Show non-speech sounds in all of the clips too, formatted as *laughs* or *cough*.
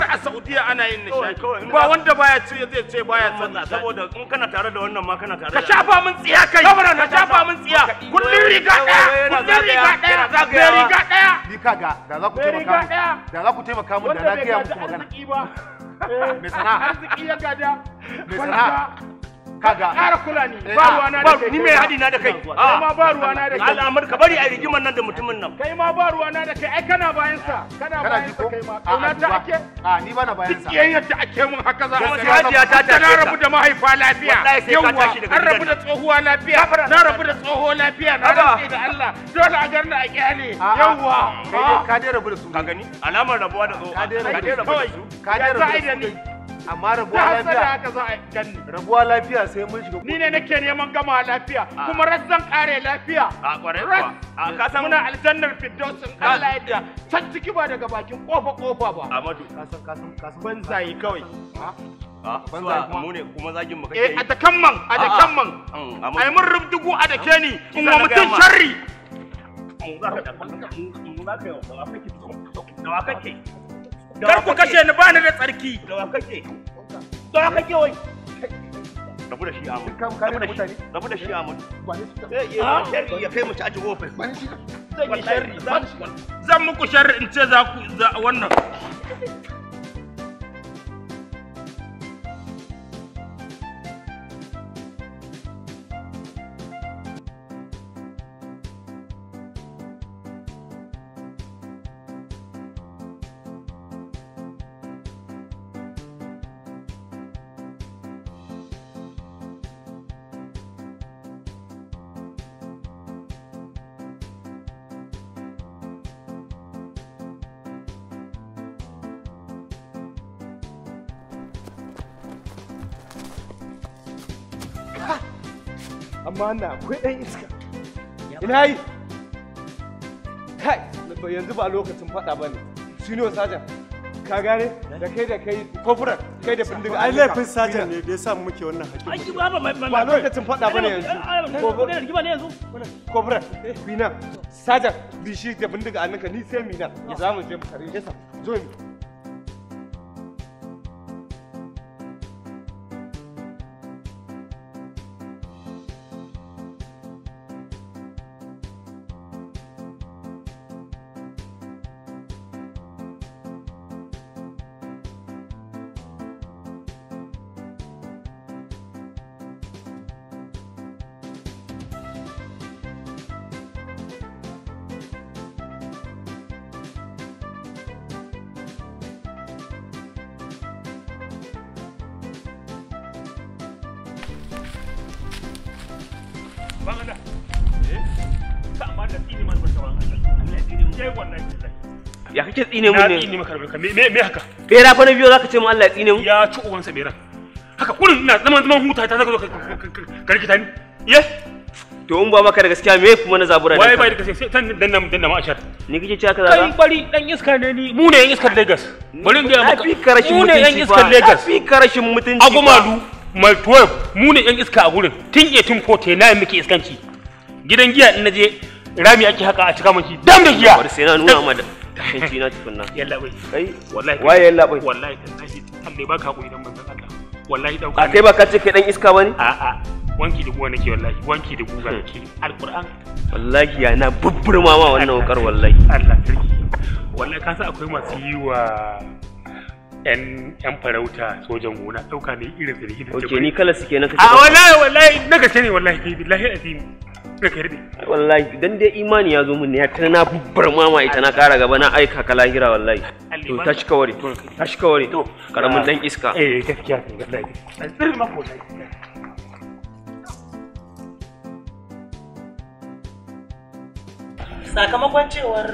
har a saudiya ana yin nishadi ba wanda baya ce zai ce baya sallah saboda in kana tare da wannan ma kana tare da ka shafa min tsiya kai ka shafa min tsiya kullun riga daya kullun riga daya za ka zagaya riga daya ni kaga da za ku taimaka da za ku taimaka mun da na ga muku magana *laughs* me sana'a arziki ya gada me sana'a kaga ƙara kula ni eh, ba ruwana da kai ni mai haɗi na da kai kai ma ba ruwana da kai al'amur ka bari a rigiman nan da mutumin nan kai ma ba ruwana da kai ai kana bayan sa kana bayan sa kai ma ina ta ake a ni bana bayan sa yayin yadda ake mun haka za ka ga hajiya ta ta na rabu da mahaifa lafiya yawa an rabu da tsohuwa lafiya na rabu da tsoho lafiya na rabu da Allah dole a garna a kyale yawa ka dai rabu da su ka gani alamar rabuwa da tsoho ka dai rabu da su ka dai rabu da su amma rabuwa lafiya da haka za a rabuwa lafiya sai mun shiga ni ne nake neman gama lafiya ah. kuma razzan kare lafiya a ah, kware kuwa ah, a san muna aljannar in Allah ya da can ba daga bakin kofa kofa ba amadu a da kan man a da kan man mm, ai a da ke ni in ka da ka yi Kar ku kashe ni bani da tsarki. Da wa kake? Da wa kake wai? Rabu da shi Amadu. Rabu da shi Amadu. Ya kai aji ofis. Zan yi sharri. Zan muku sharri in ce za ku wannan. amma na akwai ɗan iska ina yi kai yanzu ba lokacin faɗa ba ne senior sajan ka gane da kai da kai kofuran kai da bindiga ai laifin sajan ne da ya samu muke wannan haƙi ba lokacin faɗa ba ne yanzu kofuran ku sajan bishi da bindiga a ninka ni sai mi nan za mu je mu kare yasa zo mi ban Allah eh ta amma da tsini man barka ban Allah sai wannan ya kake tsine mu ne tsine maka barka me me haka bera fa na biyo zaka ce mu Allah ya tsine mu ya ci ubansa bera haka kurin ina zaman zaman huta ta zaka zo ka rikita ni yes to in ba maka da gaskiya me kuma na zabura wai bai da gaskiya tan dan nan dan nan ni kike cewa kaza kai bari dan iska ne ni mu ne yan iskar Lagos bari in ga maka mu ne yan iskar Lagos fi karashin mutunci a mai 12 mu ne yan iska a gurin tun 1849 muke iskanci gidan giya ina je rami ake haka a cika maki dam da giya bari sai na nuna ma da kanci na tukunna yalla bai kai wallahi wai yalla bai wallahi tallahi ba ka hakuri dan banzan Allah wallahi dauka a kai ba ka ce kai dan iska bane a a wanki da guga nake wallahi wanki da guga hmm. nake alquran wallahi ya na bubburma ma wannan wakar wallahi Allah sarki wallahi ka sa akwai masu yi wa yan yan farauta sojan gona dauka ne irin sarki da ke ni kala suke na kace a ah, wallahi wallahi na kace ne wallahi kai billahi azim na kai wallahi dan dai imani ya zo mun ne ya tana na bubbar mama ita na kara gaba na aika ka lahira wallahi to ta shi kawari to ta shi kawari to karamin dan ah, iska eh gaskiya wallahi asirin mako wallahi sakamakon cewar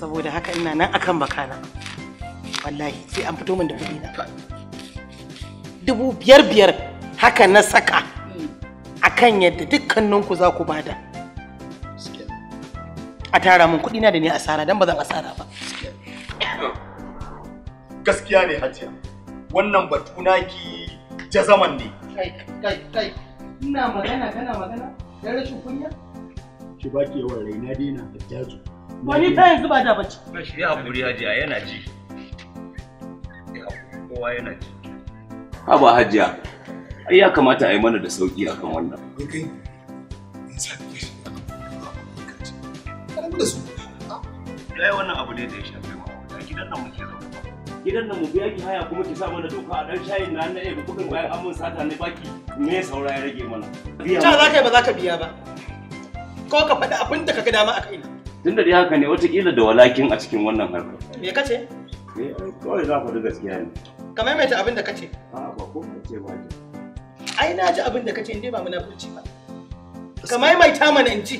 saboda haka ina nan akan bakana wallahi sai an fito min da kuɗi na dubu biyar biyar haka na saka akan yadda dukkaninku za ku bada a tara min kuɗi na da ni asara dan ba zan asara ba gaskiya ne hajiya wannan batu naki jazaman ne kai kai kai ina magana kana magana Dan rashin kunya? Ki baki yawan raina dina da jazu. Wani ta yanzu ba da bace. Bashi ya hakuri hajiya yana ji. Kowa yana ji. Haba hajiya. Ai ya kamata a yi mana da sauki akan wannan. Okay. Kai wannan abu ne da ya shafe mu. Gidan nan gidan nan mu biya ki haya kuma ki sa mana doka a dan shayin na na ebe kudin bayan an mun sata ne baki me saura ya rage mana ta za ka ba za ka biya ba ko ka faɗi abin da ka ga dama a kai tunda dai haka ne watakila da walakin a cikin wannan harkar me kace eh kawai za ka da gaskiya ne ka maimaita abin da kace a ba ko ce ba ai na ji abin da kace in dai ba munafurci ba ka maimaita mana in ji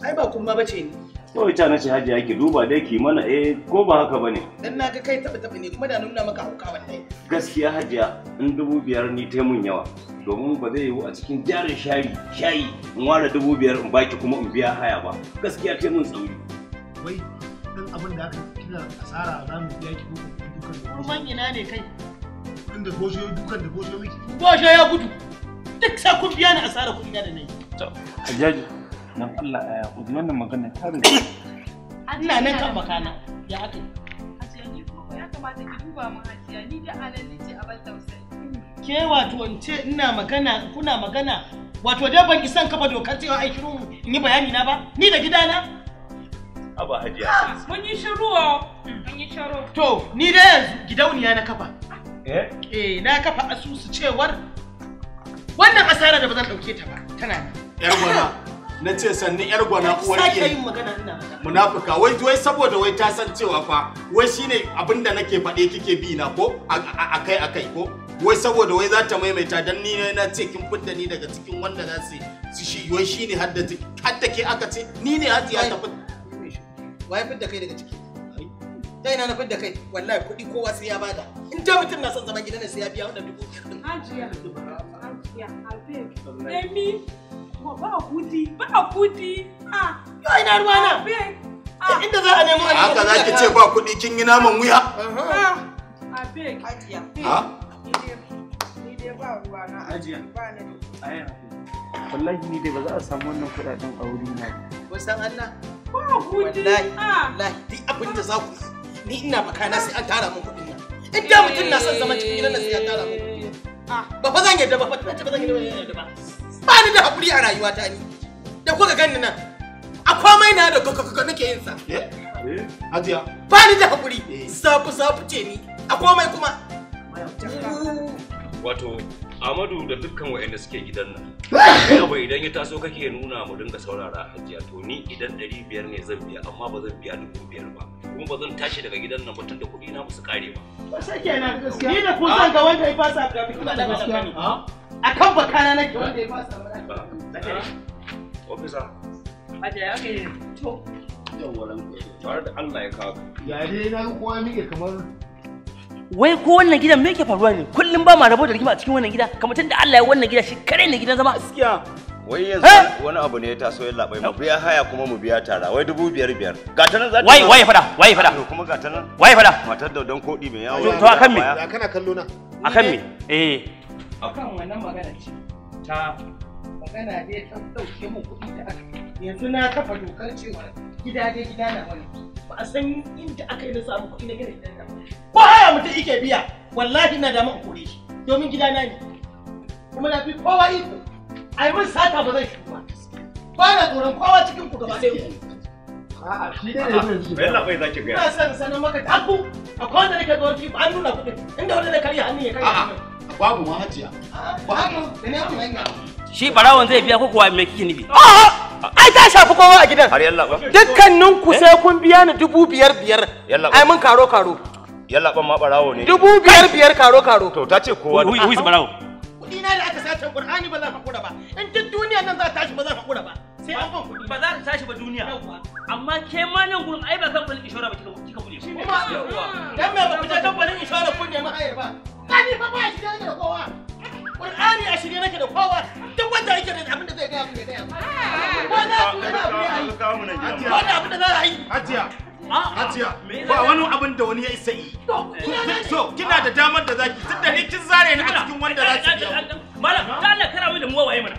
ai ba kuma bace ni so ita na ce hajiya ki duba dai ki mana eh ko ba haka bane dan na ga kai taba taba ne kuma da nuna maka hauka wallahi gaskiya hajiya in dubu biyar ni ta mun yawa domin ba zai yiwu a cikin jarin shayi shayi in ware dubu biyar in baki kuma in biya haya ba gaskiya ta mun tsauri wai dan abin da aka kira asara za mu biya ki ko dukan da kuma ina ne kai inda bosho dukan da bosho miki bosho ya gudu duk sai kun biya ni asara kun na da nayi to hajiya dan Allah ya eh, kuzi wannan magana ta rage *coughs* ina nan kan bakana ya aka hasiya ni kuma ya kamata ki duba mu hasiya ni da anan ce a tausayi ke wato in ce ina magana kuna magana wato dai ban isan kafa dokar cewa ai shiru in yi bayani na ba ni da gidana aba hajiya *coughs* mun yi shiru mun yi shiru to ni dai yanzu gidauniya na kafa eh eh na kafa asusu cewar wannan asara da ba zan dauke ta ba tana nan yar gwana na ce sannu yar gwana uwar iyayi munafuka wai wai saboda wai ta san cewa fa wai shine abin da nake faɗe kike bi na ko akai akai ko wai saboda wai za ta maimaita dan ni ne na ce kin fitta ni daga cikin wanda za su su shi wai shine hadda hadda ke aka ce ni ne hajiya ta fitta wai fitta kai daga ciki dai na fidda kai wallahi kuɗi kowa sai ya bada in ta mutum na son zaman gidana sai ya biya wadda dubu biyar din hajiya hajiya albe Ba kudi, ba kudi. Ah, yo ina ruwa na. Inda za a nemo alheri. Haka zaki ce ba kudi kin yi naman wuya. A ah. ah, beg. Ajiya. Ha? Ni dai ba ruwa na. ni. Ayan. dai ba za a samu wannan kudaden a wuri na. Ko san Allah. Ba kudi. Wallahi. Ah. Wallahi duk abin da za ku ni ina na sai an tara min kudin nan. In eh. mutum na son zaman cikin gidan nan sai an tara min kudin nan. Ba fa zan yadda ba fa zan yadda ba. ba ni da haƙuri a rayuwata ni da kuka gani nan a kwamai na da kuka nake yin sa eh? hajiya ba ni da haƙuri safu eh. safu ce ni a mai kuma wato Amadu da dukkan waɗanda suke gidan nan. Yawa *coughs* idan ya taso kake nuna mu dinga saurara hajiya to ni idan ɗari biyar ne zan biya amma ba zan biya dubu biyar ba. Kuma ba zan tashi daga gidan nan ba tun da kuɗi na musu kare ba. Ba shi kenan gaskiya. Ni da kun san ga wanda ya fasa ga kuɗa da gaskiya. a kan bakana nake wanda ya fasa da ya wai ko wannan gidan me yake faruwa ne kullum ba ma rabo da rigima a cikin wannan gida kamar tunda Allah ya wannan gida shi kare ne gidan zama gaskiya wai yanzu eh? wani abu ne ya taso ya labai mu biya haya kuma mu biya tara wai dubu biyar biyar ga ta nan za ta wai wai fada wai fada kuma ga ta nan wai fada matar da don kodi mai yawo to akan me kana kallo na akan me eh akan wannan magana ce ta magana dai ta dauke mu kuɗi da aka yanzu na kafa dokar cewa gida dai gida na wani ba a san inda aka yi na samu kuɗi na gina gidan nan ko haya mutum yake biya wallahi na da man kore shi domin gida na ne kuma na fi kowa iko ai mun sata ba zai shigo ba na tsoron kowa cikin ku gaba ɗaya ku A'a, shi dai ne yanzu. Bella bai zaki gaya. Ina son sanin maka taku. Akwai wanda nake zuwa ki an nuna kuɗi. Inda wanda na karya hannu ya karya hannu. babu ma hajiya ba haka ina mu hanya shi barawon zai biya ko kuwa me kike nufi ai ta shafi kowa a gidan har yalla ba dukkanin ku eh? sai kun biya ni dubu biyar biyar ai mun karo karo yalla ban ma barawo ne dubu biyar biyar karo karo to ta ce kowa hui hui barawo kudi na da aka sace qur'ani ba ka kura ba in duk duniya nan za ta tashi ba ka kura ba sai an ban kuɗi ba za ta tashi ba duniya amma ke ma nan gurin ai ba kamfanin inshora ba kika kuɗi shi ne kuma dan me ba ku je kamfanin inshora kun nemi hayar ba kani fa ba shi da da kowa Qur'ani a shirye nake da kowa duk wanda yake da abin da zai gaya mu ya gaya ko na ku da abin da yi ko da abin da za a yi hajiya Hajiya, ba wani abin da wani ya isa yi. So, kina da damar da zaki, tunda ne kin zare ni a cikin wanda za ki biya. Malam, ta Allah kara mu da mu waye mana.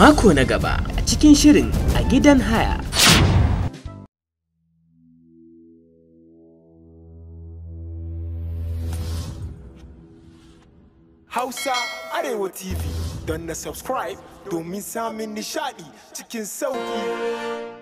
mako na gaba a cikin shirin a gidan haya. Hausa Arewa TV don na subscribe domin samun nishaɗi cikin sauƙi.